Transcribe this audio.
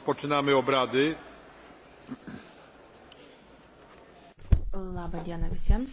Spoczynamy obrady. Labą dieną visiems.